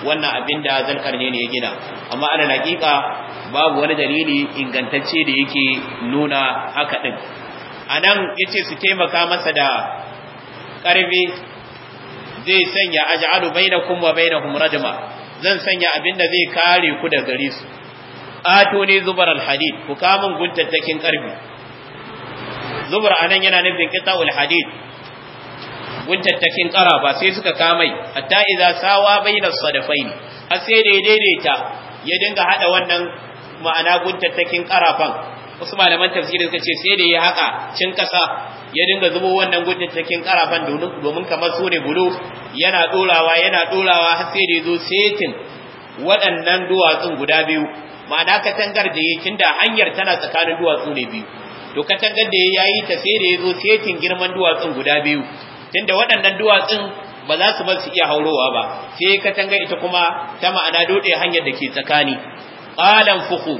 wannan abin da zalkar ne ya gina amma ana hakika babu wani dalili ingantacce da yake nuna haka din anan ce su taimaka masa da karfi zai sanya aj'alu bainakum wa bainahum rajma zan sanya abinda zai kare ku da gare su atuni zubar alhadid ku kamun guntattakin ƙarfi zubar anan yana nufin qita'ul hadid guntattakin ƙara ba sai suka kamai hatta idza sawa bainas sadafaini har sai daidaita ya dinga hada wannan ma'ana guntattakin ƙarafan wasu malaman tafsiri suka ce sai da ya haka cin kasa ya dinga zubo wannan gudun cikin karafan domin kamar su ne bulu yana dorawa yana dorawa har sai da ya zo setin waɗannan duwatsun guda biyu ma'ana katangar da yakin da hanyar tana tsakanin duwatsu ne biyu to katangar da ya yi ta sai da ya zo setin girman duwatsun guda biyu tunda waɗannan duwatsun ba za su bar su iya haurowa ba sai katanga ita kuma ta ma'ana dode hanyar da ke tsakani qalan fuku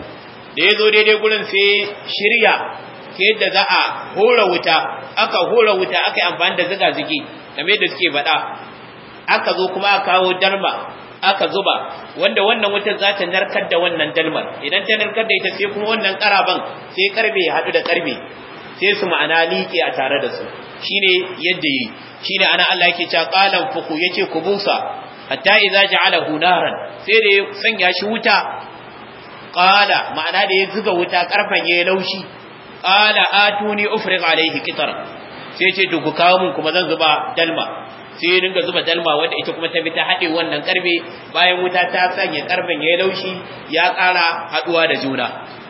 da ya zo daidai gurin sai shirya ke yadda za a hura wuta aka hura wuta aka yi amfani da ziga-zigi game da suke faɗa aka zo kuma aka kawo darma aka zuba wanda wannan wutar za ta narkar da wannan dalmar idan ta narkar da ita sai kuma wannan karaban sai karbe ya haɗu da karbe sai su ma'ana liƙe a tare da su shine yadda yi shine ana Allah yake cewa qalan fuku yace ku busa hatta idza ja'alahu naran sai da ya sanya shi wuta qala ma'ana da ya zuga wuta karfan ya laushi qala atuni ufriq alayhi qitara sai ce to ku kawo mun kuma zan zuba dalma sai ya dinga zuba dalma wanda ita kuma ta bi ta haɗe wannan karbe bayan wuta ta sanya karfan ya laushi ya kara haɗuwa da juna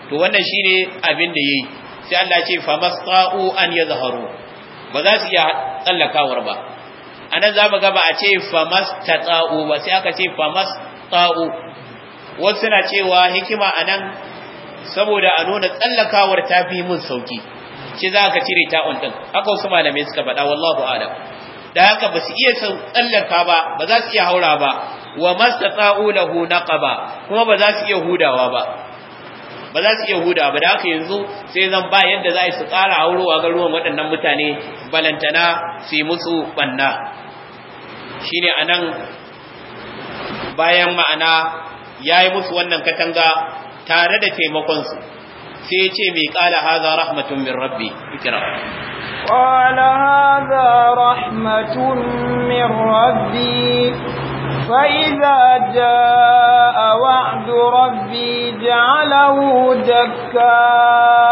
to wannan shine abin da yayi sai Allah ce fa an yadhharu ba za su iya tsallakawar ba anan za mu ga ba a ce fa mastata'u ba sai aka ce fa masta'u wasu na cewa hikima a nan saboda a nuna tsallakawar ta fi mun sauki shi za ka cire ta ɗin haka wasu malamai suka faɗa wallahu Adam. da haka ba su iya tsallaka ba ba za su iya haura ba wa mastata'u lahu naqaba kuma ba za su iya hudawa ba ba za su iya huda ba da haka yanzu sai zan ba yadda za a yi su ƙara aurowa ga ruwan waɗannan mutane balantana su yi musu ɓanna shi ne a nan bayan ma'ana ya yi musu wannan katanga tare da taimakonsu sai ce mai ƙala haza rahmatun min rabbi ikira قال هذا رحمة من ربي فإذا جاء وعد ربي جعله دكاً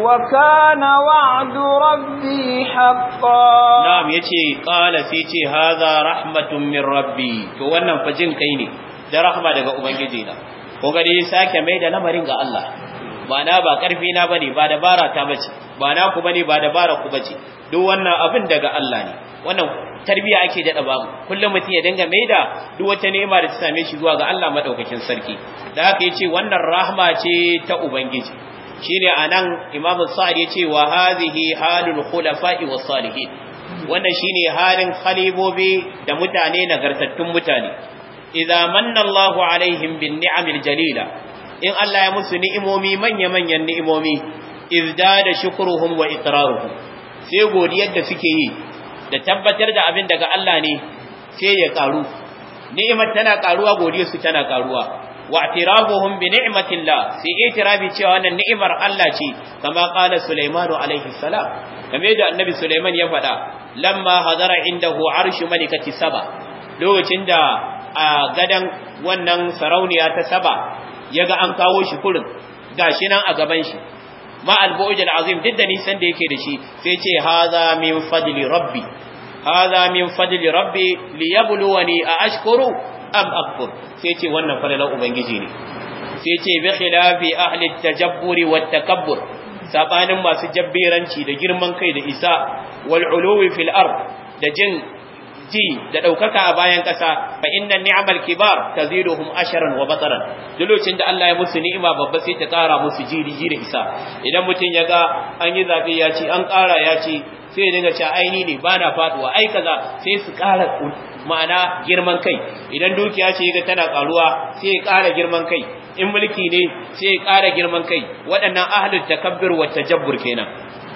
وكان وعد ربي حقا نعم يتي قال سيتي هذا رحمة من ربي فوانا فجن كيني da rahama daga ubangiji na ko sake mai da lamarin ga Allah ba na ba karfi na bane ba dabara ta bace ba na ku bane ba dabara ku bace duk wannan abin daga Allah ne wannan tarbiyya ake daɗa ba kullum mutum ya dinga mai da duk wata nema da ta same shi zuwa ga Allah madaukakin sarki da haka yace wannan rahama ce ta ubangiji shine anan imamu sa'id yace wa hadhihi halul khulafa'i was salihin wannan shine halin khalibobi da mutane nagartattun mutane idza manna Allahu alaihim bin ni'amil jalila in Allah ya musu ni'imomi manya-manyan ni'imomi izdada shukruhum wa iqraruhum sai godiyar da suke yi da tabbatar da abin daga Allah ne sai ya karu ni'imar tana karuwa godiyar su tana karuwa واعترافهم بنعمة Sai في اعتراف cewa wannan ni'imar Allah ce kama qala Sulaiman alaihi salam kamar da annabi Sulaiman ya faɗa lamma hadara indahu arshu malikati saba lokacin da a gadan wannan sarauniya ta saba ya ga an kawo shi kurin gashi nan a gaban shi ma albu'ud azim duk da nisan da yake da shi sai ce haza min fadli rabbi haza min fadli rabbi liyabluwani a ashkuru am akfur sai ce wannan falalan ubangiji ne sai ce bi khilafi ahli tajabburi wat takabbur sabanin masu jabbiranci da girman kai da isa wal uluwi fil ard da jin ji da ɗaukaka a bayan ƙasa fa inna ni'mal kibar taziduhum asharan wa bataran dalocin da Allah ya musu ni'ima babba sai ta ƙara musu jiri jiri isa idan mutum ya ga an yi ya ci an ƙara ya ci sai ya dinga cewa aini ne ba na faduwa ai kaza sai su ƙara ma'ana girman kai idan dukiya ce ga tana ƙaruwa sai ya ƙara girman kai in mulki ne sai ya ƙara girman kai waɗannan ahlul takabbur wa tajabbur kenan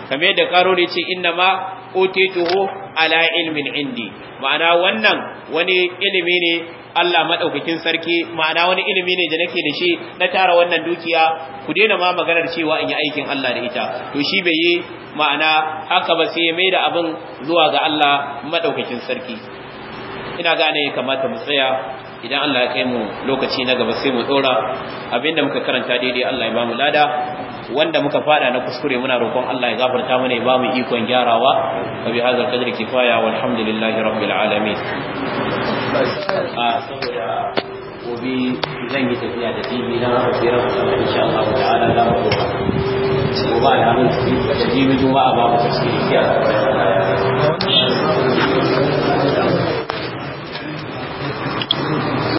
kamar yadda karo ne ce inna ma utituhu ala ilmin indi ma'ana wannan wani ilimi ne Allah madaukakin sarki ma'ana wani ilimi ne da nake da shi na tara wannan dukiya ku daina ma maganar cewa in yi aikin Allah da ita to shi bai yi ma'ana haka ba sai mai da abin zuwa ga Allah madaukakin sarki ina gane ya kamata mu tsaya idan Allah ya kai mu lokaci na gaba sai mu dora abinda muka karanta daidai Allah ya ba mu lada wanda muka fada na kuskure muna roƙon Allah ya gafarta mana ya bamu ikon gyarawa wa bi hadzal qadri kifaya walhamdulillahi rabbil alamin ah, a gobe zan yi tafiya da TV na insha Allah ta'ala mu da jibi juma'a babu tafsiri Thank you.